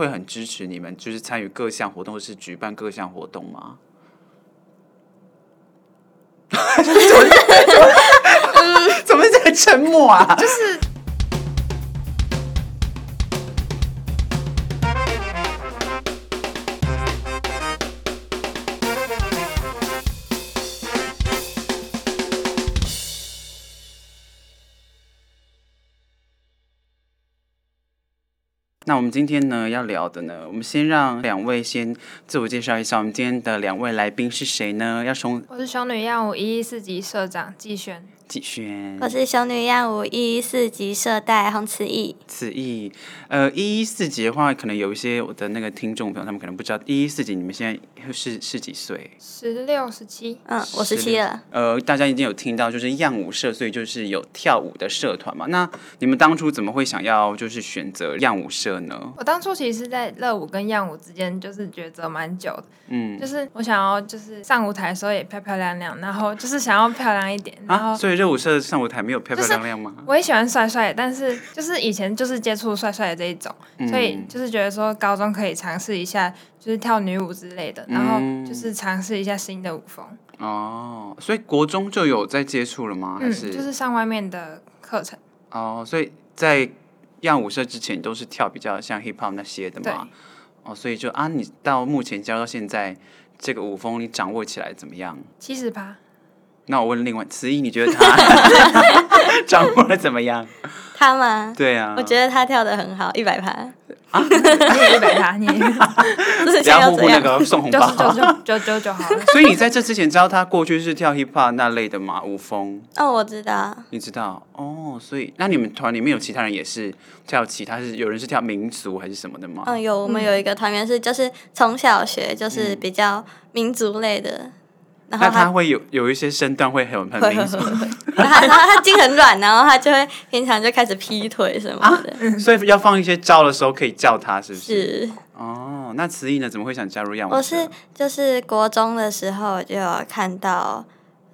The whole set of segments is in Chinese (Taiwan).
會很支持你們，就是參與各項活動或是舉辦各項活動嗎？ 怎麼這麼沉默啊？ 就是那我們今天呢，要聊的呢，我們先讓兩位先自我介紹一下，我們今天的兩位來賓是誰呢？要從我是雄女漾舞，一一四級社長穧媗。穧媗穧媗，我是雄女樣舞114級社代洪慈憶。慈憶，呃，114級的話，可能有一些我的那個聽眾朋友，他們可能不知道114級，你們現在是是幾歲？十六、十七，嗯，我十七了。呃，大家已經有聽到，就是樣舞社，所以就是有跳舞的社團嘛。那你們當初怎麼會想要就是選擇樣舞社呢？我當初其實，在熱舞跟樣舞之間，就是抉擇蠻久的。嗯，就是我想要，就是上舞台的時候也漂漂亮亮，然後就是想要漂亮一點， 然後、啊、所以。街舞社上舞台沒有漂漂亮亮嗎？就是，我也喜歡帥帥，但是就是以前就是接觸帥帥的這一種，嗯、所以就是覺得說高中可以嘗試一下，就是跳女舞之類的，嗯，然後就是嘗試一下新的舞風。哦，所以國中就有在接觸了嗎？還是嗯、就是上外面的課程。哦，所以在漾舞社之前都是跳比較像 hip hop 那些的嘛。哦，所以就啊，你到目前教到現在這個舞風，你掌握起來怎麼樣？七十趴。那我問另外慈憶，你覺得他 掌握的怎麼樣？他嗎？對啊，我覺得他跳得很好，一百趴。啊， 你也一百趴，你就是江湖那個送紅包，就就就就就好了 所以你在這之前知道他過去是跳 hip hop 那類的嘛？舞風。哦，我知道。你知道哦，所以那你們團裡面有其他人也是跳其他，是有人是跳民族還是什麼的嗎？嗯，有我們有一個團員是就是從小學就是比較民族類的。嗯他那他會有有一些身段會很很明顯， 然後他筋很軟，然後他就會 平常就開始劈腿什麼的，啊、所以要放一些招的時候可以叫他，是不是，是？哦，那慈憶呢？怎麼會想加入漾舞？我是就是國中的時候就有看到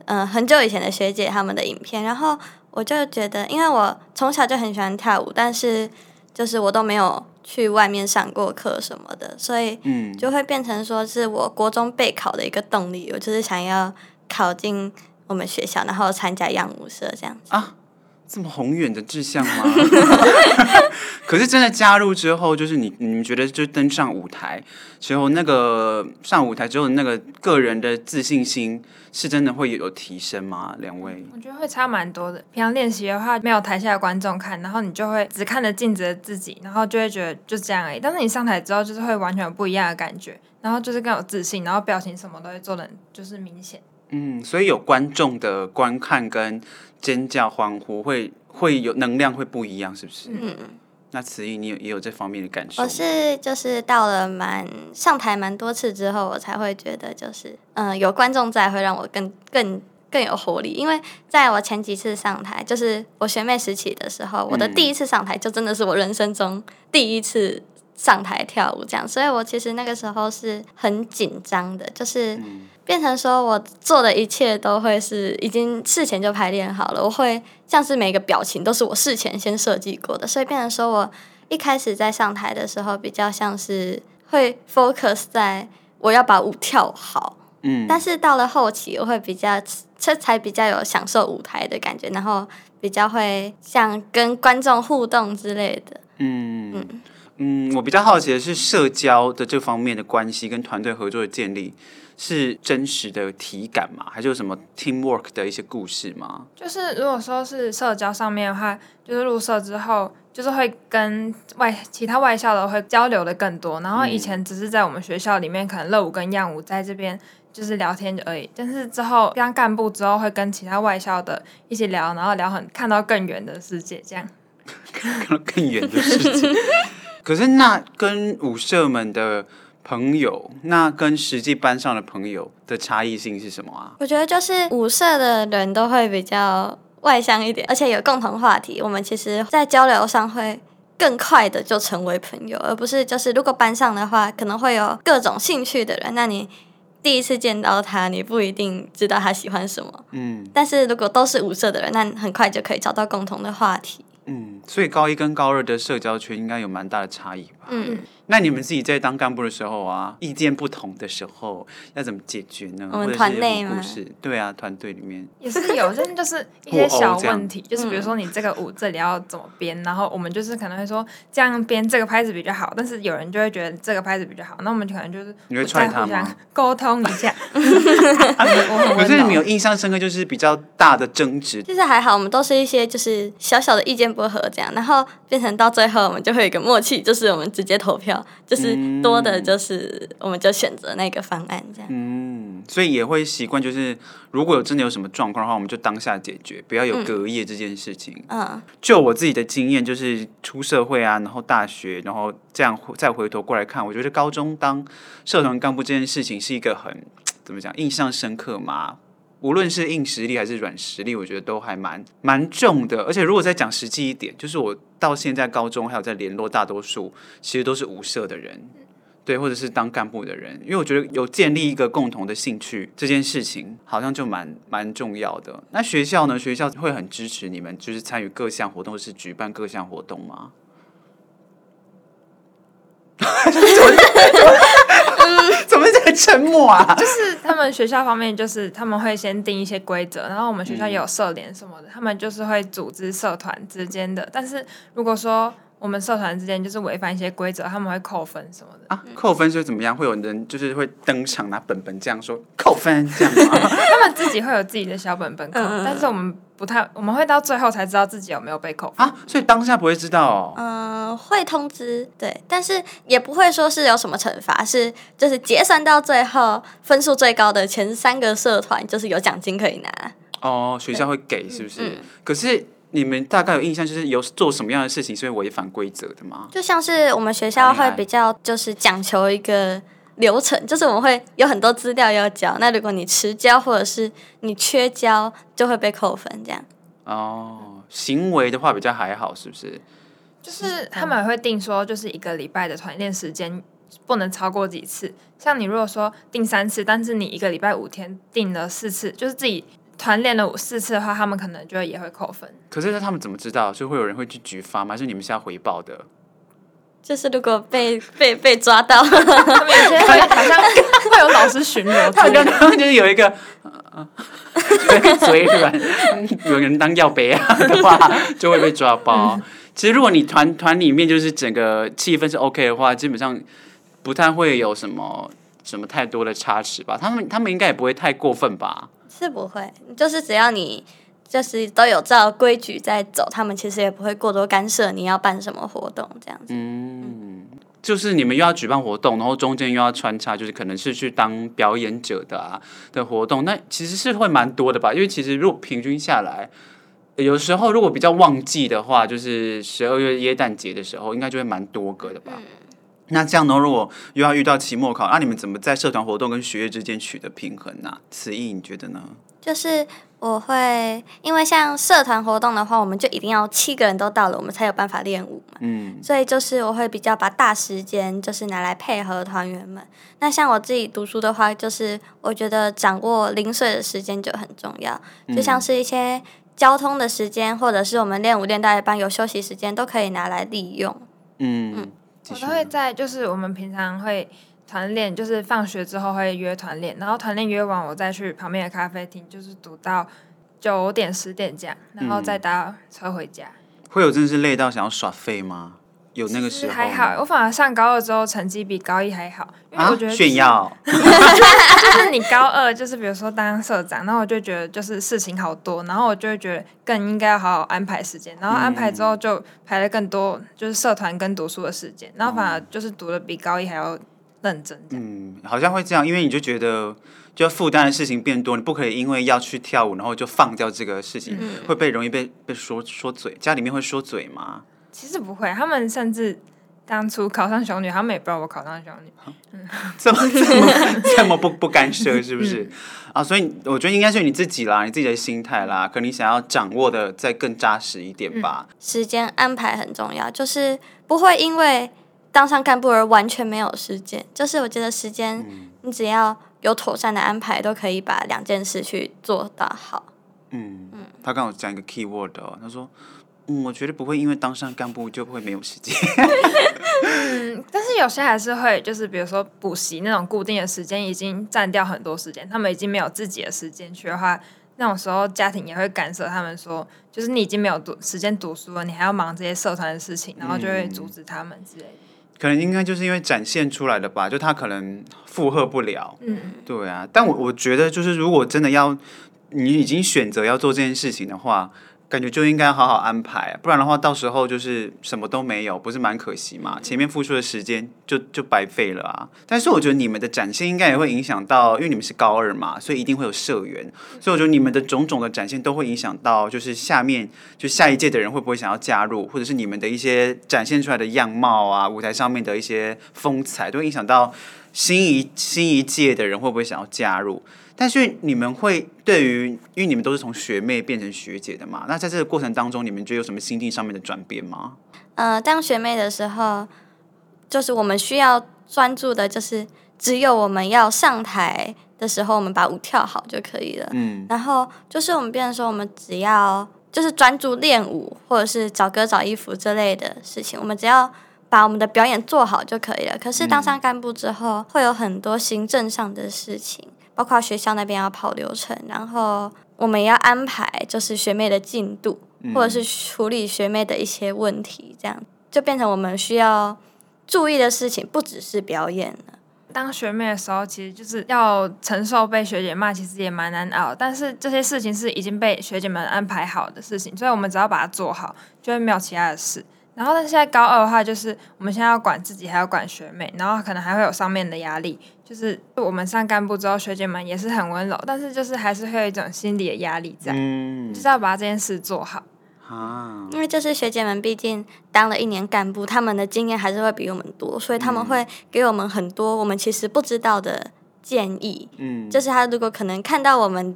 嗯、呃、很久以前的學姐她們的影片，然後我就覺得，因為我從小就很喜歡跳舞，但是就是我都沒有。去外面上過課什麼的，所以就會變成說是我國中備考的一個動力。我就是想要考進我們學校，然後參加漾舞社這樣子，啊這麼宏遠的志向嗎？ 可是真的加入之後，就是你，你們覺得就登上舞台之後，那個上舞台之後那個個人的自信心是真的會有提升嗎？兩位。我覺得會差蠻多的。平常練習的話，沒有台下的觀眾看，然後你就會只看着鏡子的自己，然後就會覺得就這樣而已。但是你上台之後，就是會完全有不一樣的感覺，然後就是更有自信，然後表情什麼都會做得就是明顯。嗯，所以有觀眾的觀看跟。尖叫、歡呼，會會有能量，會不一樣，是不是？嗯嗯。那慈憶你也有也有這方面的感受？我是就是到了蠻上台蠻多次之後，我才會覺得就是嗯、呃，有觀眾在會讓我更更更有活力。因為在我前幾次上台，就是我學妹時期的時候，我的第一次上台就真的是我人生中第一次上台跳舞這樣，所以我其實那個時候是很緊張的，就是。嗯變成說我做的一切都會是已經事前就排練好了，我會像是每個表情都是我事前先設計過的，所以變成說，我一開始在上台的時候比較像是會 focus 在我要把舞跳好，嗯，但是到了後期我會比較這才比較有享受舞台的感覺，然後比較會像跟觀眾互動之類的，嗯嗯嗯。我比較好奇的是社交的這方面的關係跟團隊合作的建立。是真實的體感嗎？還是有什麼 teamwork 的一些故事嗎？就是如果說是社交上面的話，就是入社之後，就是會跟外其他外校的會交流的更多。然後以前只是在我們學校裡面，可能樂舞跟漾舞在這邊就是聊天而已。但是之後當幹部之後，會跟其他外校的一起聊，然後聊很看到， 看到更遠的世界，這樣。看到更遠的世界，可是那跟舞社們的。朋友，那跟實際班上的朋友的差異性是什麼啊？我覺得就是舞社的人都會比較外向一點，而且有共同話題。我們其實，在交流上會更快的就成為朋友，而不是就是如果班上的話，可能會有各種興趣的人。那你第一次見到他，你不一定知道他喜歡什麼。嗯。但是如果都是舞社的人，那很快就可以找到共同的話題。嗯，所以高一跟高二的社交圈應該有蠻大的差異。嗯，那你們自己在當幹部的時候啊、嗯，意見不同的時候要怎麼解決呢？我們團隊嗎？不是，對啊，團隊裡面也是有，有些就是一些小問題，就是比如說你這個舞這裡要怎麼編、嗯，然後我們就是可能會說這樣編這個拍子比較好，但是有人就會覺得這個拍子比較好，那我們可能就是你會踹他嗎？溝通一下。 啊、我哈哈哈你有印象深刻就是比較大的爭執？其實還好，我們都是一些就是小小的意見不合這樣，然後變成到最後我們就會有一個默契，就是我們。直接投票，就是多的，就是我們就選擇那個方案這樣。嗯，所以也會習慣，就是如果有真的有什麼狀況的話，我們就當下解決，不要有隔夜這件事情。嗯，嗯，就我自己的經驗，就是出社會啊，然後大學，然後這樣再回頭過來看，我覺得高中當社團幹部這件事情是一個很怎麼講，印象深刻嘛。無論是硬實力還是軟實力，我覺得都還蠻蠻重的。而且如果再講實際一點，就是我到現在高中還有在聯絡，大多數其實都是舞社的人，對，或者是當幹部的人，因為我覺得有建立一個共同的興趣這件事情，好像就蠻蠻重要的。那學校呢？學校會很支持你們，就是參與各項活動，是舉辦各項活動嗎？ 沉默啊，就是他們學校方面，就是他們會先定一些規則，然後我們學校也有社聯什麼的、嗯，他們就是會組織社團之間的，但是如果說。我們社團之間就是違反一些規則，他們會扣分什麼的啊？扣分是怎麼樣？會有人就是會登場拿本本這樣說扣分這樣嗎？ 他們自己會有自己的小本本扣、嗯，但是我們不太，我們會到最後才知道自己有沒有被扣分啊。所以當下不會知道哦。嗯、呃，會通知對，但是也不會說是有什麼懲罰，是就是結算到最後分數最高的前三個社團就是有獎金可以拿哦。學校會給是不是？嗯嗯、可是。你們大概有印象，就是有做什麼樣的事情是違反規則的嗎？就像是我們學校會比較就是講求一個流程，啊，就是我們會有很多資料要交，那如果你遲交或者是你缺交，就會被扣分這樣。哦，行為的話比較還好，是不是？就是他們也會定說，就是一個禮拜的團練時間不能超過幾次。像你如果說定三次，但是你一個禮拜五天定了四次，就是自己。團練了五四次的話，他們可能就會也會扣分。可是，那他們怎麼知道？是會有人會去舉發嗎？還是你們是要回報的？就是如果被被被抓到，有些好像會有老師巡邏， 他們， 他們剛剛就是有一個嘴軟、 嗯，有人當要杯、啊、的話，就會被抓包。嗯、其實，如果你團團裡面就是整個氣氛是 OK 的話，基本上不太會有什麼什麼太多的差池吧。他們他們應該也不會太過分吧。是不會，就是只要你就是都有照規矩在走，他們其實也不會過多干涉你要辦什麼活動這樣子。嗯，就是你們又要舉辦活動，然後中間又要穿插，就是可能是去當表演者的啊的活動，那其實是會蠻多的吧。因為其實如果平均下來，有時候如果比較旺季的話，就是十二月耶誕節的時候，應該就會蠻多個的吧。嗯那這樣呢？如果又要遇到期末考，那、啊、你們怎麼在社團活動跟學業之間取得平衡呢、啊？慈憶你覺得呢？就是我會因為像社團活動的話，我們就一定要七個人都到了，我們才有辦法練舞嘛。嗯。所以就是我會比較把大時間就是拿來配合團員們。那像我自己讀書的話，就是我覺得掌握零碎的時間就很重要。嗯、就像是一些交通的時間，或者是我們練舞練到一半有休息時間，都可以拿來利用。嗯。嗯我都會在，就是我們平常會團練，就是放學之後會約團練，然後團練約完，我再去旁邊的咖啡廳，就是讀到九點十點這樣，然後再搭車回家。嗯，會有真是累到想要耍廢嗎？有那個時候還好，我反而上高二之後成績比高一還好，因為我覺得、啊、炫耀， 就是你高二就是比如說當社長，然後我就覺得就是事情好多，然後我就會覺得更應該要好好安排時間，然後安排之後就排了更多就是社團跟讀書的時間，然後反而就是讀的比高一還要認真嗯。嗯，好像會這樣，因為你就覺得就負擔的事情變多，你不可以因為要去跳舞，然後就放掉這個事情，嗯、會被容易被被說說嘴，家裡面會說嘴嗎？其實不會，他們甚至當初考上雄女，他們也不知道我考上雄女。嗯、啊，這麼這麼 這麼不不干涉是不是、嗯？啊，所以我覺得應該是你自己啦，你自己的心態啦，可能你想要掌握的再更紮實一點吧。嗯、時間安排很重要，就是不會因為當上幹部而完全沒有時間。就是我覺得時間、嗯，你只要有妥善的安排，都可以把兩件事去做到好。嗯嗯，他剛好講一個 key word 哦，他說。嗯，我覺得不會因為當上幹部就會沒有時間、 嗯。但是有些還是會，就是比如說補習那種固定的時間已經占掉很多時間，他們已經沒有自己的時間去的話，那種時候家庭也會干涉他們說，就是你已經沒有多時間讀書了，你還要忙這些社團的事情，然後就會阻止他們之類、嗯。可能應該就是因為展現出來的吧，就他可能負荷不了。嗯，對啊，但我我覺得就是如果真的要你已經選擇要做這件事情的話。感覺就應該好好安排啊，不然的話，到時候就是什麼都沒有，不是蠻可惜嘛？前面付出的時間就就白費了啊！但是我覺得你們的展現應該也會影響到，因為你們是高二嘛，所以一定會有社員，所以我覺得你們的種種的展現都會影響到，就是下面就下一屆的人會不會想要加入，或者是你們的一些展現出來的樣貌啊，舞台上面的一些風采，都會影響到新一新一屆的人會不會想要加入。但是你們會對於，因為你們都是從學妹變成學姐的嘛？那在這個過程當中，你們覺得有什麼心境上面的轉變嗎？呃，當學妹的時候，就是我們需要專注的，就是只有我們要上台的時候，我們把舞跳好就可以了。嗯。然後就是我們變成說，我們只要就是專注練舞，或者是找歌、找衣服之類的事情，我們只要把我們的表演做好就可以了。可是當上幹部之後，嗯，會有很多行政上的事情。包括學校那邊要跑流程，然後我們要安排就是學妹的進度，嗯、或者是處理學妹的一些問題，這樣就變成我們需要注意的事情，不只是表演了。當學妹的時候，其實就是要承受被學姐罵，其實也蠻難熬。但是這些事情是已經被學姐們安排好的事情，所以我們只要把它做好，就會沒有其他的事。然後，但是現在高二的話，就是我們現在要管自己，還要管學妹，然後可能還會有上面的壓力。就是我們上幹部之後，學姐們也是很溫柔，但是就是還是會有一種心理的壓力在。嗯，就是要把這件事做好。啊。因為就是學姐們畢竟當了一年幹部，他們的經驗還是會比我們多，所以他們會給我們很多我們其實不知道的建議。嗯。就是他如果可能看到我們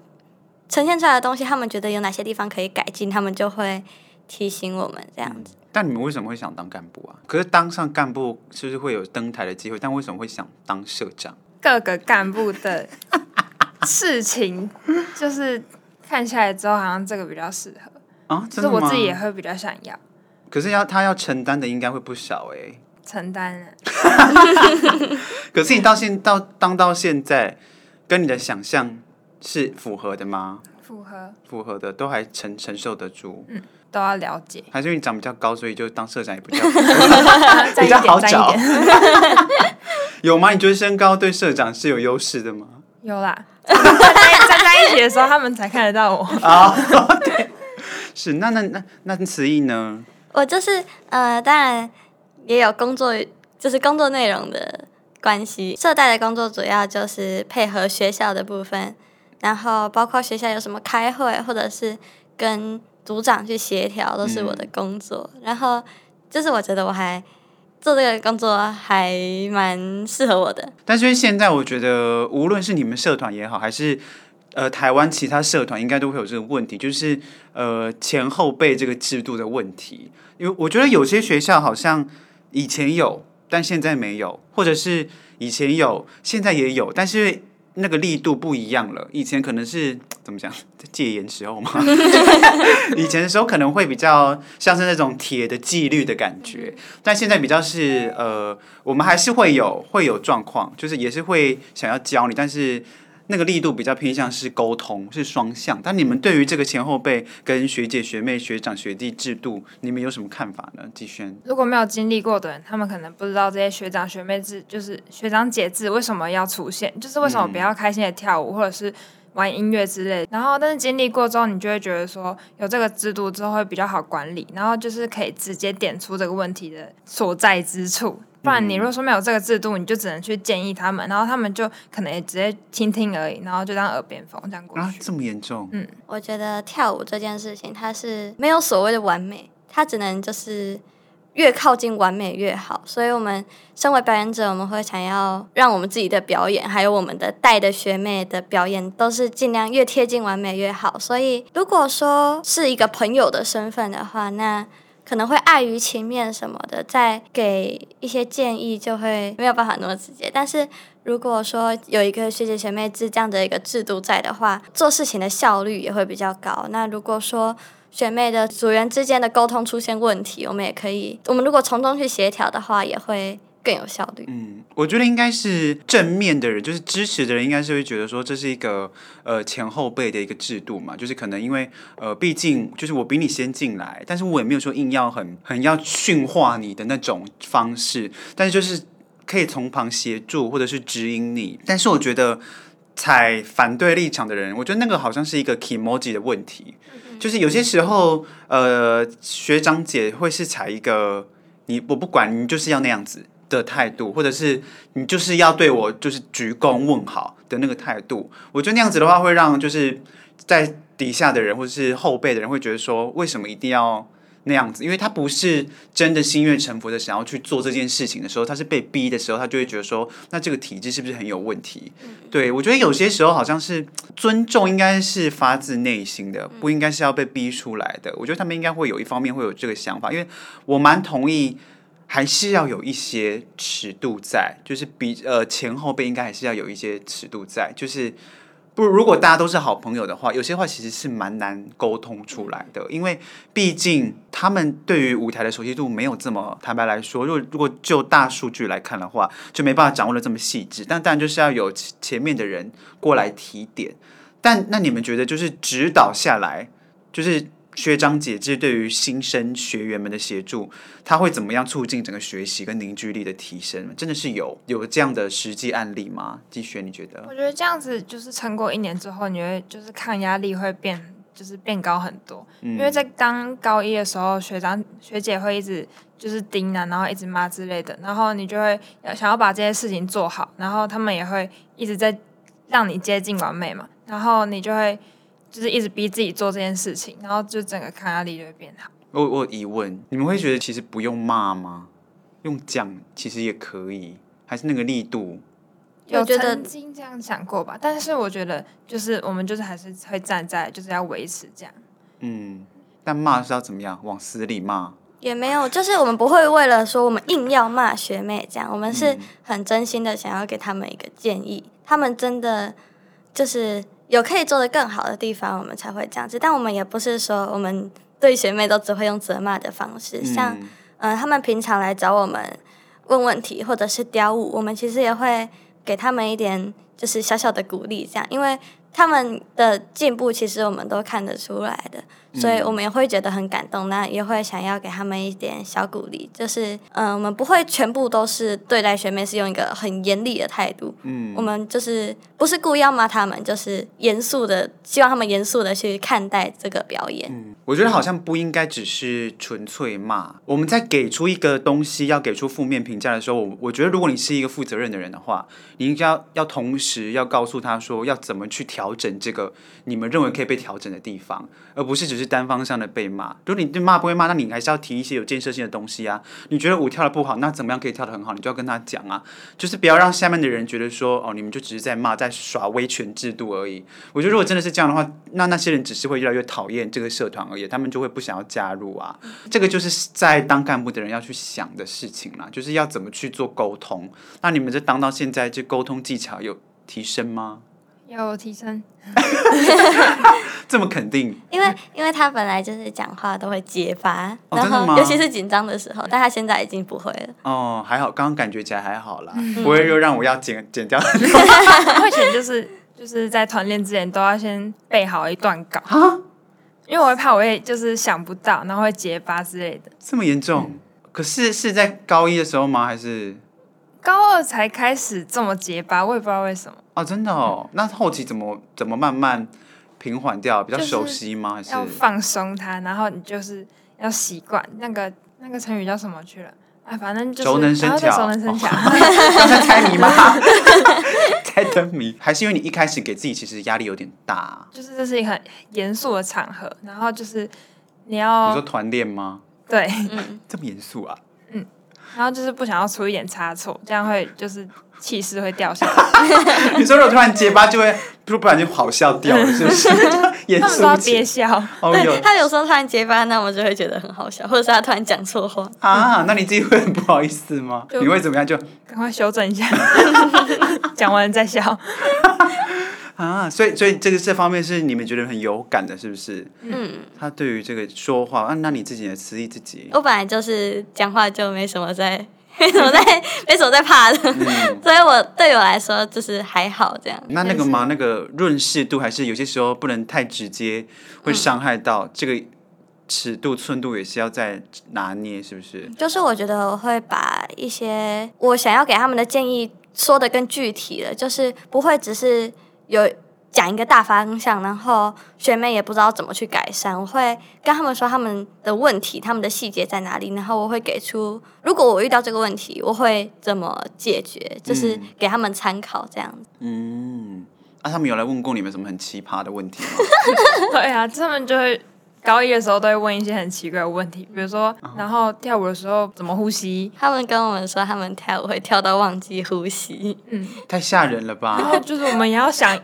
呈現出來的東西，他們覺得有哪些地方可以改進，他們就會提醒我們這樣子。嗯但你們為什麼會想當幹部啊？可是當上幹部是不是會有登臺的機會？但為什麼會想當社長？各個幹部的事情， 就是看下來之後，好像這個比較適合啊，這，就是我自己也會比較想要。可是要他要承擔的應該會不少哎，欸，承擔。 可是你到現到當到現在，跟你的想象是符合的嗎？符合，符合的都還承承受得住、嗯，都要了解。還是因為你長比較高，所以就當社長也比較 比較好找。 有嗎？你覺得身高對社長是有優勢的嗎？有啦，大家站在一起的時候，他們才看得到我啊。對、 oh, okay，是那那那那慈憶呢？我就是呃，當然也有工作，就是工作內容的關係。社代的工作主要就是配合學校的部分。然後，包括學校有什麼開會，或者是跟組長去協調，都是我的工作。嗯、然後，就是我覺得我還做這個工作還蠻適合我的。但是現在，我覺得無論是你們社團也好，還是呃台灣其他社團，應該都會有這個問題，就是呃前後輩這個制度的問題。因為我覺得有些學校好像以前有，但現在沒有，或者是以前有，現在也有，但是。那個力度不一樣了，以前可能是怎麼講，在戒嚴時候嘛， 以前的時候可能會比較像是那種鐵的紀律的感覺，但現在比較是呃，我們還是會有會有狀況，就是也是會想要教你，但是。那個力度比較偏向是溝通，是雙向。但你們對於這個前後輩、跟學姐學妹、學長學弟制度，你們有什麼看法呢？穧媗，如果沒有經歷過的人，他們可能不知道這些學長學妹制，就是學長姐制為什麼要出現，就是為什麼比較開心的跳舞，嗯、或者是。玩音樂之類，然後但是經歷過之後，你就會覺得說有這個制度之後會比較好管理，然後就是可以直接點出這個問題的所在之處，不然你如果說沒有這個制度，你就只能去建議他們，然後他們就可能也直接聽聽而已，然後就當耳邊風這樣過去。啊，這麼嚴重？嗯，我覺得跳舞這件事情它是沒有所謂的完美，它只能就是。越靠近完美越好，所以我們身為表演者，我們會想要讓我們自己的表演，還有我們的帶的學妹的表演，都是盡量越貼近完美越好。所以，如果說是一個朋友的身份的話，那可能會礙於情面什麼的，再給一些建議就會沒有辦法那麼直接。但是，如果說有一個學姐學妹制這樣的一個制度在的話，做事情的效率也會比較高。那如果說學妹的組員之間的溝通出現問題，我們也可以，我們如果從中去協調的話，也會更有效率。嗯，我覺得應該是正面的人，就是支持的人，應該是會覺得說這是一個呃前後輩的一個制度嘛，就是可能因為呃，畢竟就是我比你先進來，但是我也沒有說硬要很很要訓話你的那種方式，但是就是可以從旁協助或者是指引你。但是我覺得。嗯採反對立場的人，我覺得那個好像是一個 kimoji 的問題，okay。就是有些時候，呃，學長姐會是採一個你我不管你就是要那樣子的態度，或者是你就是要對我就是鞠躬問好的那個態度，我覺得那樣子的話會讓就是在底下的人或者是後輩的人會覺得說，為什麼一定要？那樣子，因為他不是真的心悅誠服的想要去做這件事情的時候，他是被逼的時候，他就會覺得說，那這個體制是不是很有問題？嗯、對，我覺得有些時候好像是尊重，應該是發自內心的，不應該是要被逼出來的。我覺得他們應該會有一方面會有這個想法，因為我蠻同意，還是要有一些尺度在，就是比呃前後輩應該還是要有一些尺度在，就是。不，如果大家都是好朋友的話，有些話其實是蠻難溝通出來的，因為畢竟他們對於舞台的熟悉度沒有這麼坦白來說。如果如果就大數據來看的話，就沒辦法掌握的這麼細緻。但當然就是要有前面的人過來提點。但那你們覺得，就是指導下來，就是。學長姐這對於新生學員們的協助，他會怎麼樣促進整個學習跟凝聚力的提升？真的是有有這樣的實際案例嗎？穧媗，你覺得？我覺得這樣子就是撐過一年之後，你會就是抗壓力會變，就是變高很多。嗯，因為在剛高一的時候，學長學姐會一直就是盯啊，然後一直罵之類的，然後你就會想要把這些事情做好，然後他們也會一直在讓你接近完美嘛，然後你就會。就是一直逼自己做這件事情，然後就整個抗壓力就會變好。我我有疑問，你們會覺得其實不用罵嗎？用講其實也可以，還是那個力度？我覺得曾經這樣想過吧？但是我覺得，就是我們就是還是會站在就是要維持這樣。嗯，但罵是要怎麼樣？往死裡罵？也沒有，就是我們不會為了說我們硬要罵學妹這樣，我們是很真心的想要給他們一個建議。他們真的就是。有可以做得更好的地方，我們才會這樣子。但我們也不是說我們對學妹都只會用責罵的方式，像、嗯、呃，他們平常來找我們問問題或者是雕舞，我們其實也會給他們一點就是小小的鼓勵，這樣，因為他們的進步其實我們都看得出來的。所以我們也會覺得很感動，那、嗯、也會想要給他們一點小鼓勵。就是，嗯、呃，我們不會全部都是對待學妹是用一個很嚴厲的態度。嗯，我們就是不是故意要罵他們，就是嚴肅的，希望他們嚴肅的去看待這個表演。嗯，我覺得好像不應該只是純粹罵。我們在給出一個東西要給出負面評價的時候，我我覺得如果你是一個負責任的人的話，你應該要，要同時要告訴他說要怎麼去調整這個你們認為可以被調整的地方，而不是只是。是單方向的被罵。如果你對罵不會罵，那你還是要提一些有建設性的東西啊。你覺得舞跳得不好，那怎麼樣可以跳得很好？你就要跟他講啊，就是不要讓下面的人覺得說，哦，你們就只是在罵，在耍威權制度而已。我覺得如果真的是這樣的話，那那些人只是會越來越討厭這個社團而已，他們就會不想要加入啊。嗯、這個就是在當幹部的人要去想的事情啦，就是要怎麼去做溝通。那你們這當到現在，這溝通技巧有提升嗎？有提升， 這麼肯定？因為因為他本來就是講話都會結巴、哦，然後尤其是緊張的時候，但他現在已經不會了。哦，還好，剛剛感覺起來還好啦，嗯、不會又讓我要剪剪掉很多。會 剪、就是，就是就是在團練之前都要先背好一段稿啊，因為我會怕我會就是想不到，然後會結巴之類的。這麼嚴重、嗯？可是是在高一的時候嗎？還是高二才開始這麼結巴？我也不知道為什麼。哦，真的哦，那後期怎麼怎麼慢慢平緩掉？比較熟悉嗎？還是就是、要放鬆它，然後你就是要習慣那個那個成語叫什麼去了？哎、啊，反正就是“熟能生巧就熟能生巧”哦。熟能生巧。剛才猜謎嗎？猜燈謎？還是因為你一開始給自己其實壓力有點大？就是這是一個很嚴肅的場合，然後就是你要你說團練嗎？對，嗯、這麼嚴肅啊？嗯，然後就是不想要出一點差錯，這樣會就是。氣勢會掉下來， 你說如果突然結巴，就會，不然就好笑掉了，是不是？也 憋， 笑。哦呦，他有時候突然結巴，那我們就會覺得很好笑，或者是他突然講錯話啊？那你自己會很不好意思嗎？你會怎麼樣？就趕快修正一下，講 完再笑。 啊，所以所以這個這方面是你們覺得很有感的，是不是？嗯。他對於這個說話啊，那你自己也示意自己。我本來就是講話就沒什麼在。 沒什麼在，沒什麼在怕的，嗯、 所以我對我來說就是還好這樣。那那個嘛，就是，那個潤飾度還是有些時候不能太直接，會傷害到，嗯、這個尺度寸度也是要再拿捏，是不是？就是我覺得我會把一些我想要給他們的建議說得更具體了，就是不會只是有。講一個大方向，然後學妹也不知道怎麼去改善。我會跟他們說他們的問題，他們的細節在哪裡，然後我會給出，如果我遇到這個問題，我會怎麼解決，就是給他們參考這樣子嗯。嗯，啊，他們有來問過你們什麼很奇葩的問題嗎？ 對啊，他們就會高一的時候都會問一些很奇怪的問題，比如說，然後跳舞的時候怎麼呼吸？哦，他們跟我們說他們跳舞會跳到忘記呼吸，嗯，太嚇人了吧？然 後就是我們也要想。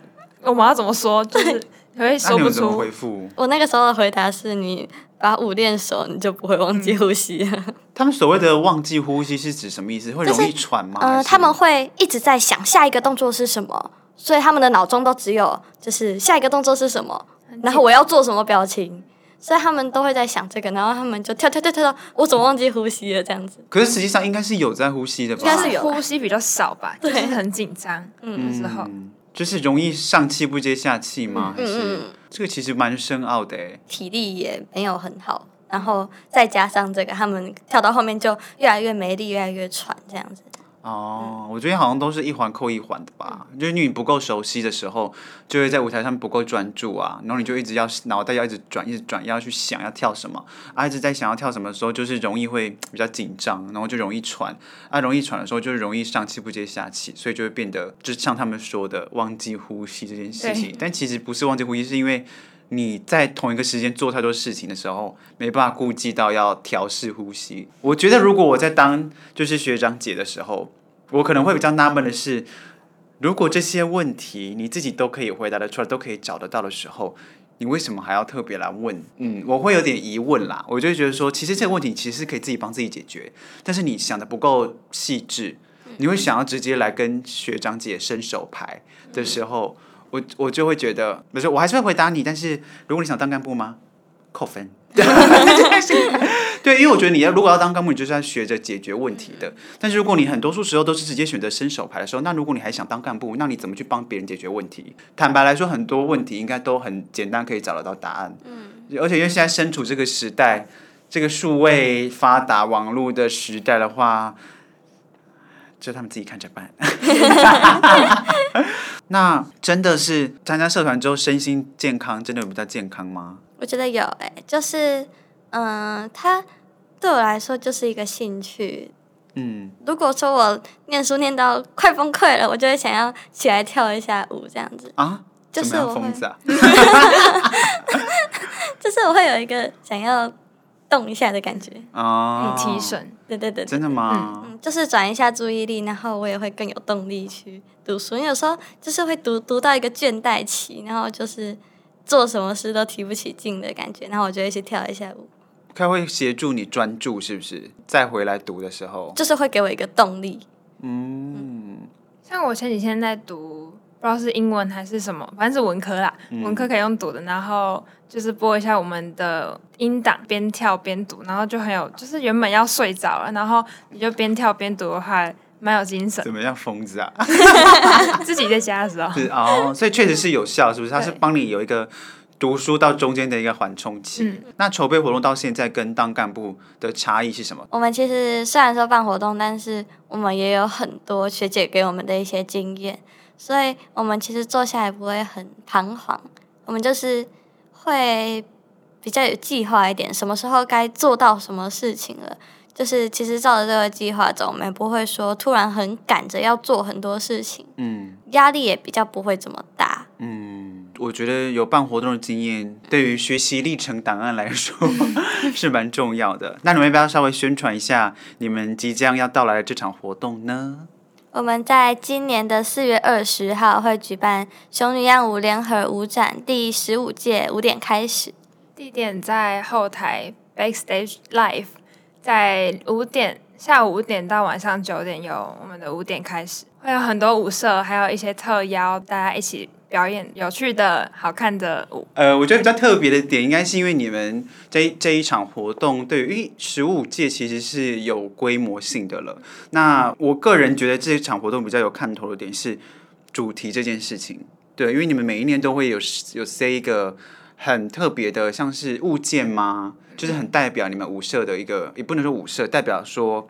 我們要怎麼說？就是 你會說不出麼？我那個時候的回答是：你把舞練熟，你就不會忘記呼吸、嗯。他們所謂的忘記呼吸是指什麼意思？會容易喘嗎、呃？他們會一直在想下一個動作是什麼，所以他們的腦中都只有就是下一個動作是什麼，然後我要做什麼表情，所以他們都會在想這個，然後他們就跳跳跳跳跳，我怎麼忘記呼吸了這樣子？可是實際上應該是有在呼吸的吧？應該是有呼吸比較少吧？對，就是很緊張的時候。嗯就是容易上氣不接下氣嗎、嗯？還是、嗯、這個其實蠻深奧的耶。體力也沒有很好，然後再加上這個，他們跳到後面就越來越沒力，越來越喘，這樣子。哦，我覺得好像都是一環扣一環的吧，嗯，就是你不夠熟悉的時候，就會在舞台上不夠專注啊，然後你就一直要腦袋要一直轉，一直轉，要去想，要跳什麼，啊，一直在想要跳什麼的時候，就是容易會比較緊張，然後就容易喘，啊，容易喘的時候，就是容易上氣不接下氣，所以就會變得，就像他們說的，忘記呼吸這件事情，但其實不是忘記呼吸，是因為。你在同一個時間做太多事情的時候，沒辦法顧及到要調試呼吸。我覺得，如果我在當就是學長姐的時候，我可能會比較納悶的是，如果這些問題你自己都可以回答得出來，都可以找得到的時候，你為什麼還要特別來問？嗯，我會有點疑問啦。我就覺得說，其實這個問題其實可以自己幫自己解決，但是你想得不夠細緻，你會想要直接來跟學長姐伸手牌的時候。我我就會覺得，不是，我還是會回答你。但是，如果你想當幹部嗎？扣分。 對，因為我覺得你要如果要當幹部，你就是要學着解決問題的。嗯。但是如果你很多數時候都是直接選擇伸手牌的時候，那如果你還想當幹部，那你怎麼去幫別人解決問題？坦白來說，很多問題應該都很簡單，可以找得到答案。嗯。而且因為現在身處這個時代，這個數位發達、網絡的時代的話，就他們自己看着辦。 那真的是參加社團之後，身心健康真的有比較健康嗎？我覺得有誒、欸，就是嗯、呃，它對我來說就是一個興趣。嗯，如果說我念書念到快崩潰了，我就會想要起來跳一下舞這樣子啊。就是我瘋子啊！ 就是我會有一個想要。動一下的感覺，很提神，對對，對對對，真的嗎？嗯嗯，就是轉移一下注意力，然後我也會更有動力去讀書。因為有時候就是會讀讀到一個倦怠期，然後就是做什麼事都提不起勁的感覺，然後我就會去跳一下舞，他會協助你專注，是不是？再回來讀的時候，就是會給我一個動力。嗯，像我前幾天在讀。不知道是英文還是什麼，反正是文科啦、嗯。文科可以用讀的，然後就是播一下我們的音檔，邊跳邊讀，然後就很有，就是原本要睡着了，然後你就邊跳邊讀的話，蠻有精神。怎麼樣瘋子啊？ 自己在家的時候。是哦，所以確實是有效，是不是？嗯、他是幫你有一個讀書到中間的一個緩衝期。嗯、那籌備活動到現在跟當幹部的差異是什麼？我們其實雖然說辦活動，但是我們也有很多學姐給我們的一些經驗。所以，我們其實坐下來不會很彷徨，我們就是會比較有計劃一點，什麼時候該做到什麼事情了，就是其實照着這個計劃走，我們也不會說突然很趕着要做很多事情，嗯，壓力也比較不會這麼大。嗯，我覺得有辦活動的經驗，對於學習歷程檔案來說 是蠻重要的。那你們要不要稍微宣傳一下你們即將要到來的這場活動呢？我們在今年的四月二十號會舉辦雄女漾舞聯合舞展第十五屆，五點開始，地點在後台 Backstage Live，在五點下午五點到晚上九點有我們的五點開始，會有很多舞社，還有一些特邀大家一起。表演有趣的、好看的舞。呃，我覺得比較特別的點，應該是因為你們這這一場活動，對於十五屆其實是有規模性的了。那我個人覺得這一場活動比較有看頭的點是主題這件事情。對，因為你們每一年都會有有塞一個很特別的，像是物件嗎？就是很代表你們舞社的一個，也不能說舞社代表說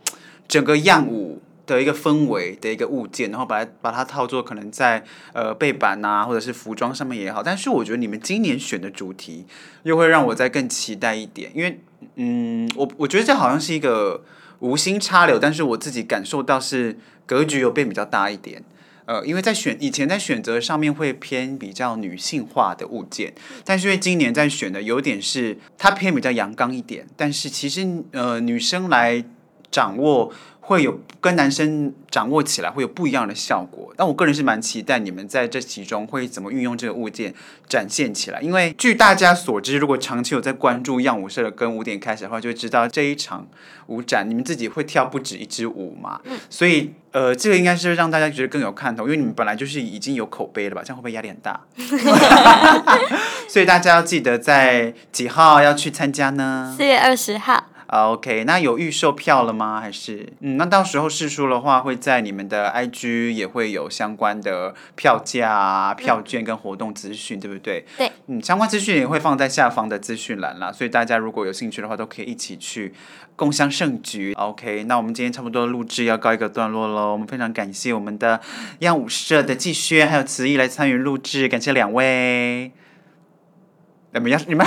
整個漾舞，的一個氛圍的一個物件，然後把它把它套作可能在呃背板吶、啊，或者是服裝上面也好。但是我覺得你們今年選的主題又會讓我再更期待一點，因為嗯，我我覺得這好像是一個無心插柳，但是我自己感受到是格局又變比較大一點。呃，因為在選以前在選擇上面會偏比較女性化的物件，但是因為今年在選的有點是它偏比較陽剛一點，但是其實呃女生來掌握，會有跟男生掌握起來會有不一樣的效果，但我個人是蠻期待你們在這其中會怎麼運用這個物件展現起來。因為據大家所知，如果長期有在關注漾舞社的跟五點開始的話，就會知道這一場舞展你們自己會跳不止一支舞嘛。嗯，所以呃，這個應該是讓大家覺得更有看頭，因為你們本來就是已經有口碑了吧？這樣會不會壓力很大？ 所以大家要記得在幾號要去參加呢？四月二十號。啊，OK，那有預售票了嗎？還是，嗯，那到時候試出的話，會在你們的 IG 也會有相關的票價票券跟活動資訊，對不對？對。嗯，相關資訊也會放在下方的資訊欄啦，所以大家如果有興趣的話，都可以一起去共襄盛舉。OK，那我們今天差不多錄製要告一個段落嘍，我們非常感謝我們的漾舞社的穧媗還有慈憶來參與錄製，感謝兩位。你們 你們說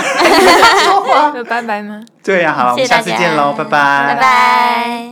話說拜拜嗎？對呀、啊，好了，我們下次見嘍，拜拜。拜拜。拜拜